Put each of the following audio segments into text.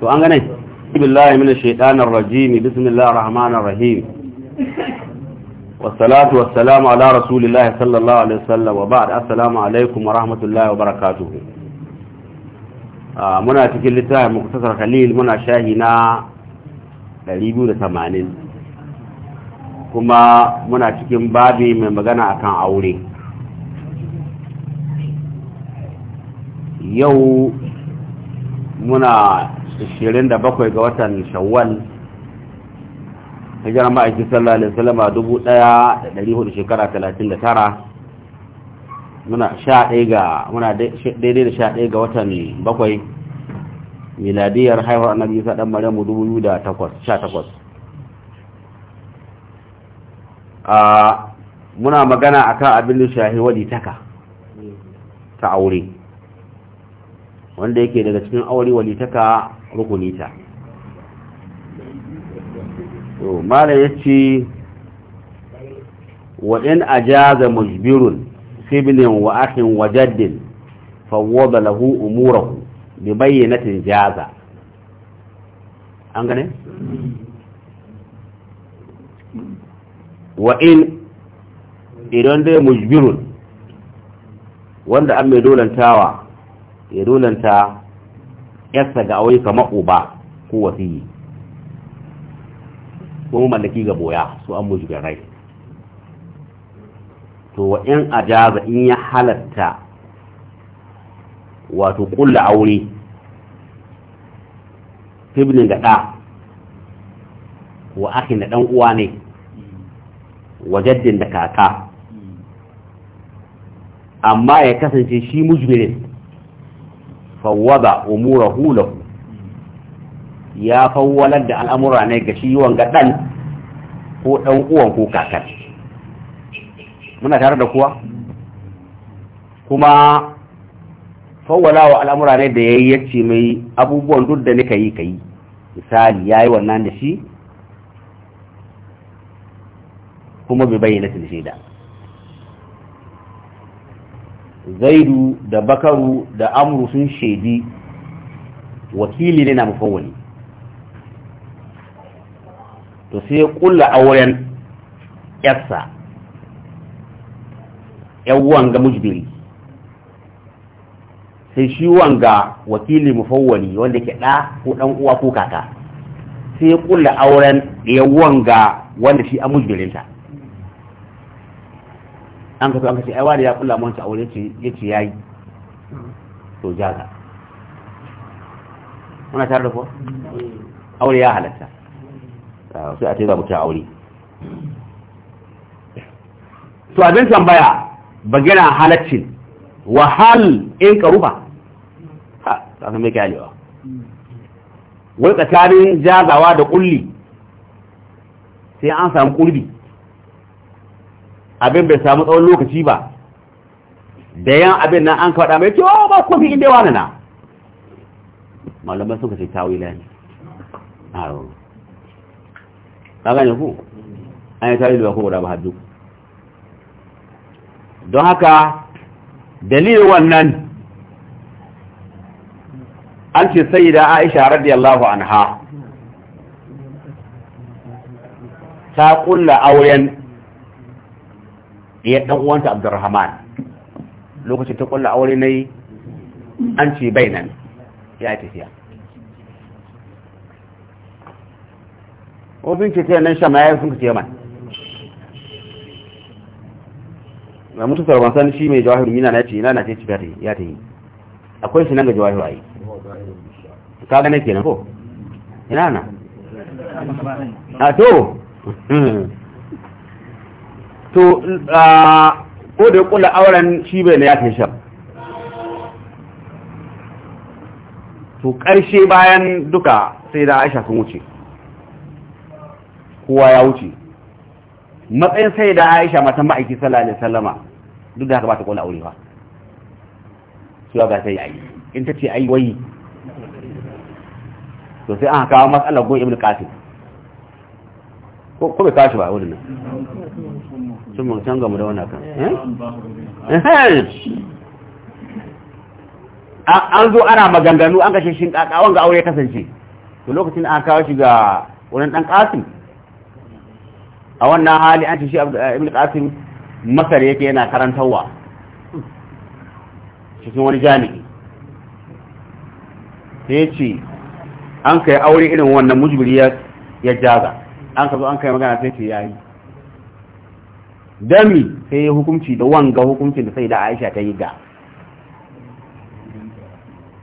to an gane billahi minash shaitanir rajim bismillahir rahmanir rahim wassalatu wassalamu ala rasulillahi sallallahu alaihi wasallam wa ba'd assalamu alaikum wa rahmatullahi wa barakatuh ah, muna cikin littafin muktasar khalil muna shahi na 280 kuma muna cikin babi mai magana akan aure yau muna 27 ga watan shawwal hajjara ma'aiki sallallahu alaihi dari 1400 shekara 39 muna 11 ga muna daidai da 11 ga watan 7 miladiyar haihuwar annabi isa dan maryamu 2018 a muna magana akan abin da shahi wadi taka ta aure wanda yake daga cikin aure walitaka rukuni ta to malai yace wa in ajaza mujbirun sibnin wa akhin wa jaddin fawwada lahu umurahu bi bayyinatin jaza an gane wa in idan dai mujbirun wanda an mai dolantawa ya dolanta yarsa ga aure kamar uba ko wasiyi ko mallaki ga boya su an ga rai to wa in ajaza in ya halatta wato kulla aure ibnin ga ɗa wa akhi da ɗan uwa ne wa jaddin da kaka amma ya kasance shi mujmirin fawwada umurahu lahu ya fawwalar da al'amura ne ga shi wanga dan ko dan uwan ko kakar muna tare da kuwa kuma fawwala wa al'amura ne da yayi yace mai abubuwan duk da nika yi kai misali yayi wannan da shi kuma bai bayyana shi da zaidu da bakaru da amuru sun shaidi wakili ne na mafawali. to sai ya kulla auren yarsa yawon ga mujibiri. sai shi wanga wakili mafawali wanda ke ɗa ko ɗan uwa ko kaka sai ya kulla auren yawon ga wanda shi a mujibirinta an ka an ka ce ai wani ya kula mun ta aure ce yace yayi to jaza muna tare da ko aure ya halatta ah, sai a ce za mu ta aure to abin tambaya bagina halaccin hal in karuba ha ta mai kyalewa wai tsakanin jazawa da kulli sai an samu kulli abin bai samu tsawon lokaci ba da yan abin nan an kaɗa mai cewa oh, ba kofi inda wani na malamai suka ce tawila ne a yau ta gane ku an yi tawila ba ku guda ba hajju don haka dalilin wannan an ce sai da aisha radiyallahu anha ta kulla auren ya dan uwanta abdurrahman lokacin ta kulla aure na yi an ce bai nan ya yi tafiya wasu ce ta nan shama sun ce man na mutu sarban san shi mai jawahiru mina na ce ina na ce ci ya ta yi akwai shi nan ga jawahiru a yi ka gane kenan ko ina na a to to ko da kula auren shi bai na ya kai shan to ƙarshe bayan duka sai da aisha sun wuce kowa ya wuce matsayin sai da aisha matan ma'aiki sallallahu alaihi sallama duk da haka ba ta kula aure ba su ga sai yayi in ta ce ai wai to sai an kawo matsalar go ibn qasim ko bai kashi ba wurin nan sun canza mu da wani kan eh? Eh, an zo ana maganganu an kashe shin kakawan ga aure kasance to lokacin an kawo shi ga wurin dan kasim a wannan hali an ce shi eh, ibn kasim masar yake yana karantarwa cikin wani jami'i sai ce an kai aure irin wannan mujibiri ya jaza an ka zo an kai magana sai ce yayi dami sai ya hukunci da wanga hukuncin da sai da Aisha ta yi ga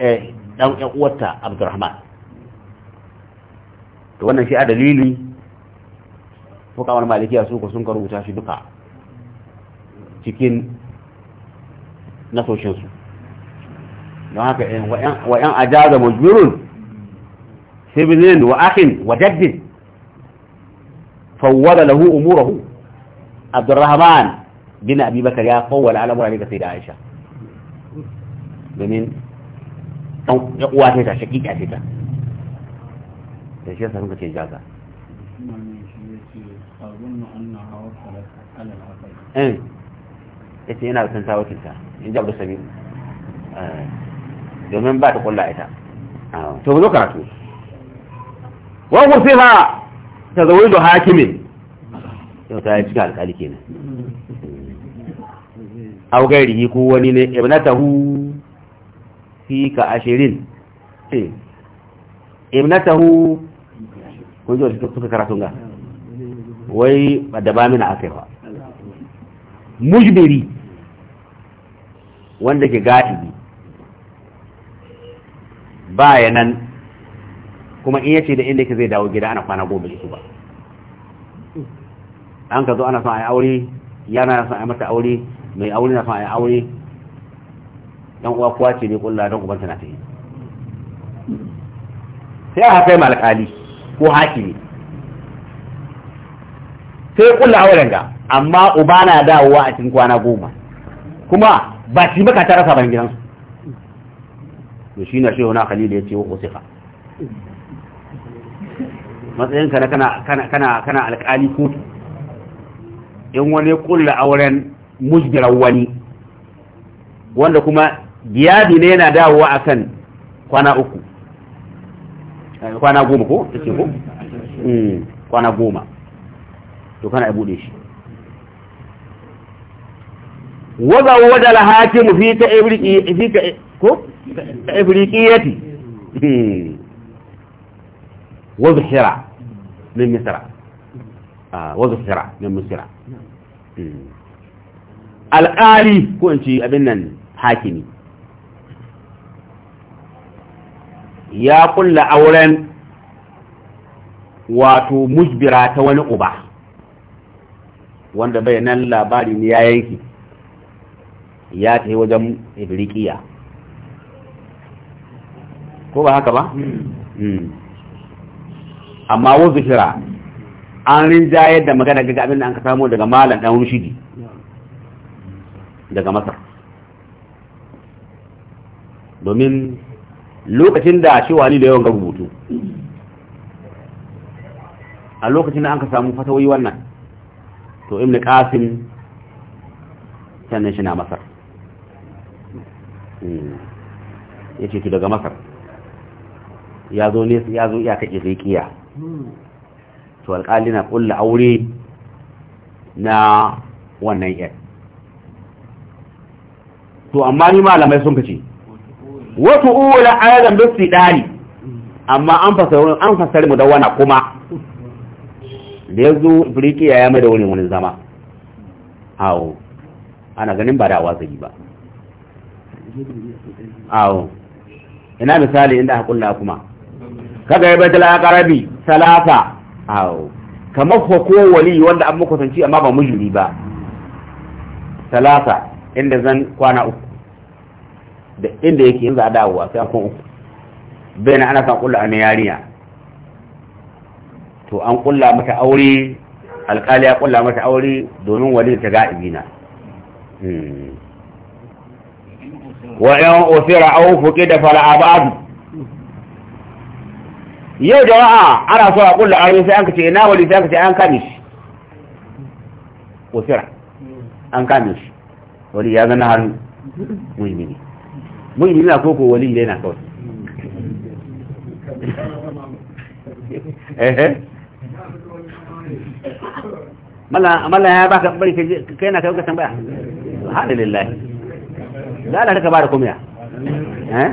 eh dan ya uwarta Abdurrahman to wannan shi a dalili ko kamar malikiya su ko sun karuta shi duka cikin nasoshin su don haka eh, wa yan ajaza majburun sibinin wa akhin wa jaddin فول له أموره عبد الرحمن بن أبي بكر يا فول على مرأة سيدة عائشة من قوات هذا شكيك عشيك شكيك عشيك شكيك عشيك أظن أنها وصلت على العقل. إيه. إيش هنا بتنساوي كذا؟ إن جاب السبيل. آه. يومين بعد تقول لا إذا. آه. شو بدك أكيد؟ وأبو ta zaune da hakimin yau ta yi cika alƙali kenan au gairihi ko wani ne ibnatahu fi ka ashirin ibnatahu kun ji wasu suka karatun ga wai da ba mina aka yi ba mujbiri wanda ke gaɗi bayanan kuma in yace da inda yake zai dawo gida ana kwana goma da su ba an ka zo ana son a yi aure yana son a yi mata aure mai aure na son a yi aure ɗan uwa kuwa ce ne kulla don ubanta na ta yi sai aka kai malakali ko hakimi sai kulla auren ga amma uba na dawowa a cikin kwana goma kuma ba shi maka ta rasa ban gidansu to shi na shehu na khalil ya ce wa usifa matsayinka na kana kana kana kana alƙali kotu in wani kulla auren mujbiran wani wanda kuma giyadi ne yana dawowa akan kwana uku eh, kwana goma ko take ko hmm, kwana goma to kana a bude shi waza wada al-hakim fi ta ibriqi fi ka ko ibriqiyati hmm. وزحرا من مصر آه وزحرا من مصر القاري كنت أبنا حاكمي ya kulla auren wato mujbira ta wani uba wanda bai nan labari ne ya yanki ya ta wajen ibrikiya ko ba haka ba? amma wa zuhira an rinjaye da magana ga abin da an ka samu daga malam dan rushidi daga masar domin lokacin da shi wani da yawan ga rubutu a lokacin da an ka samu fatawai wannan to imni kafin sannan shi na masar hmm. ya ce daga masar ya zo ne ya zo iyaka kiya. to alƙali na ƙulla aure na wannan yan to amma ni malamai sun kace wasu ula ayatan bisti dali amma an Amma an fasari mu da wana kuma da yazo ifriki ya mai da wani wani zama awo ana ganin ba da wasabi ba awo ina misali inda haƙulla kuma kaga ya bai dala karabi talata awo kamar hako wali wanda an makwatanci amma ba mujuri ba talata inda zan kwana uku da inda yake yin za a dawowa sai akwai uku bai na ana kan kulla a yariya to an kulla mata aure alkali ya kulla mata aure domin wali ta ga'ibi na hmm. wa yan ofira au fuke da fala'abadu yau da wa'a ana so a kulla aure sai an kace ina wali sai an kace an kame shi wasira an kame shi wali ya zana hannu muhimmi muhimmi na koko wali ne na kawai ehe mala mala ya baka bari kai na kawai ka tambaya subhanallahi la la ka da komai eh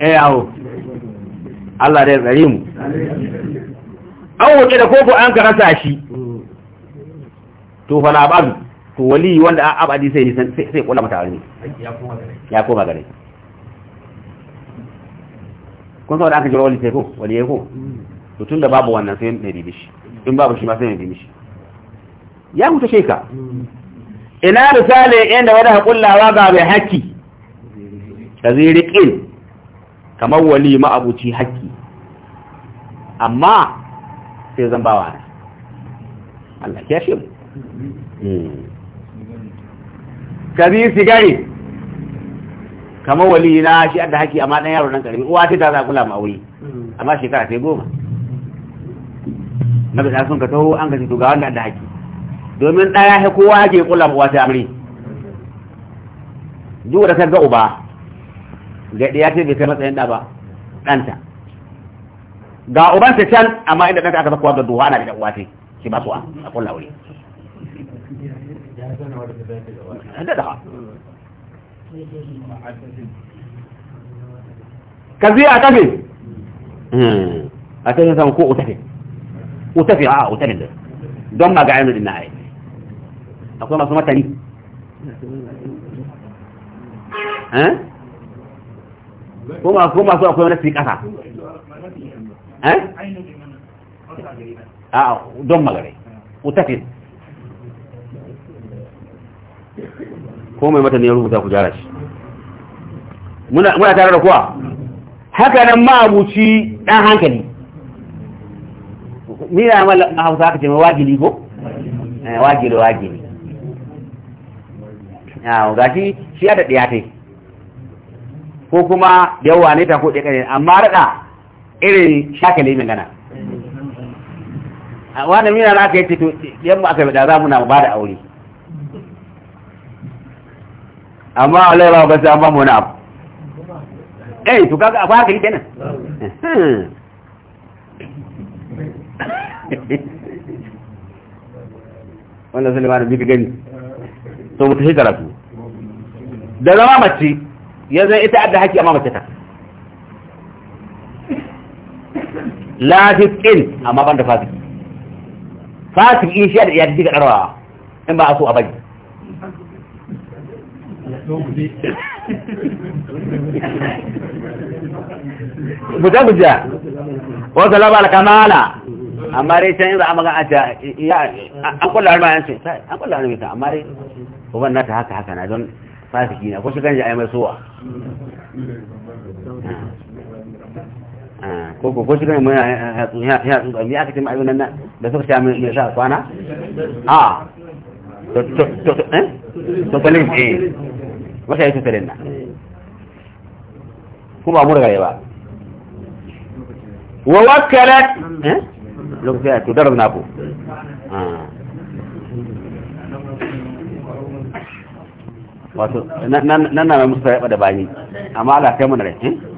eh yawo Allah ya tsari mu an wuce da koko an karasa shi to fana ba to wali wanda an abadi sai sai kula mata aure ya koma gare kun sau da aka jira wali sai ko wali ya ko to tun da babu wannan sai mai bibi shi in babu shi ma sai mai bibi shi ya huta sheka ina misali inda wani haƙullawa ba mai haƙƙi ta ziriƙin kamar wali ma'abuci haƙƙi amma sai zan bawa na Allah ya shi mu hmm. kabi sigari kamar wali na shi adda haƙƙi amma ɗan yaro nan ƙarfi uwa ta za kula ma wuri amma shekara sai goma na bisa sun ka taho an gaji to ga wanda adda haƙƙi domin ɗaya kowa ke kula ma uwa ta amri duk da ka ga uba gaɗe ya ce bai kai matsayin ɗa ba ɗanta ga ubanta can amma inda ɗanta aka zakuwa da duwa ana da uwa ce shi ba su a kulla wuri ka zai a tafi hmm. a tafi san ko utafi utafi a utafi da don ma ga yanzu na ai akwai masu matani eh? ko ma ko masu akwai wani kasa eh a don magare utafin ko mai mata ne ya rubuta ku jara shi muna muna tare da kuwa haka nan ma'abuci dan hankali ni na mala hausa aka ce mai wagili ko eh wagili wagili ah ga shi ya da diyatai ko kuma yawa ne ta kuɗe ɗaya amma raɗa irin shakali min gana a wani mina na aka yi tito yamma aka da za mu na ba da aure amma Allah ya ba ba amma mu na abu eh to kaga abu haka yi kenan wannan sulaiman bi ka gani to mutu shi karatu da zama mace yanzu ita adda haƙƙi amma mace ta lafiƙin amma ban da fasiki fasiki shi da iya diga darwa in ba a so a bai buta buja wata salama al kamala amma dai can an a an kula har bayan sai an amma dai uban haka haka na don fasiki na ko shi a yi mai suwa ko ko ko shiga mai ya tsuntsa ya aka ce mai abin nan da suka sha mai sha kwana a to to to eh to talin eh wata yato talin na ko ba mu daga ba wa wakkalat eh lokacin da to darabna ko ah wato nan na musu ya da bani amma ala kai mana rai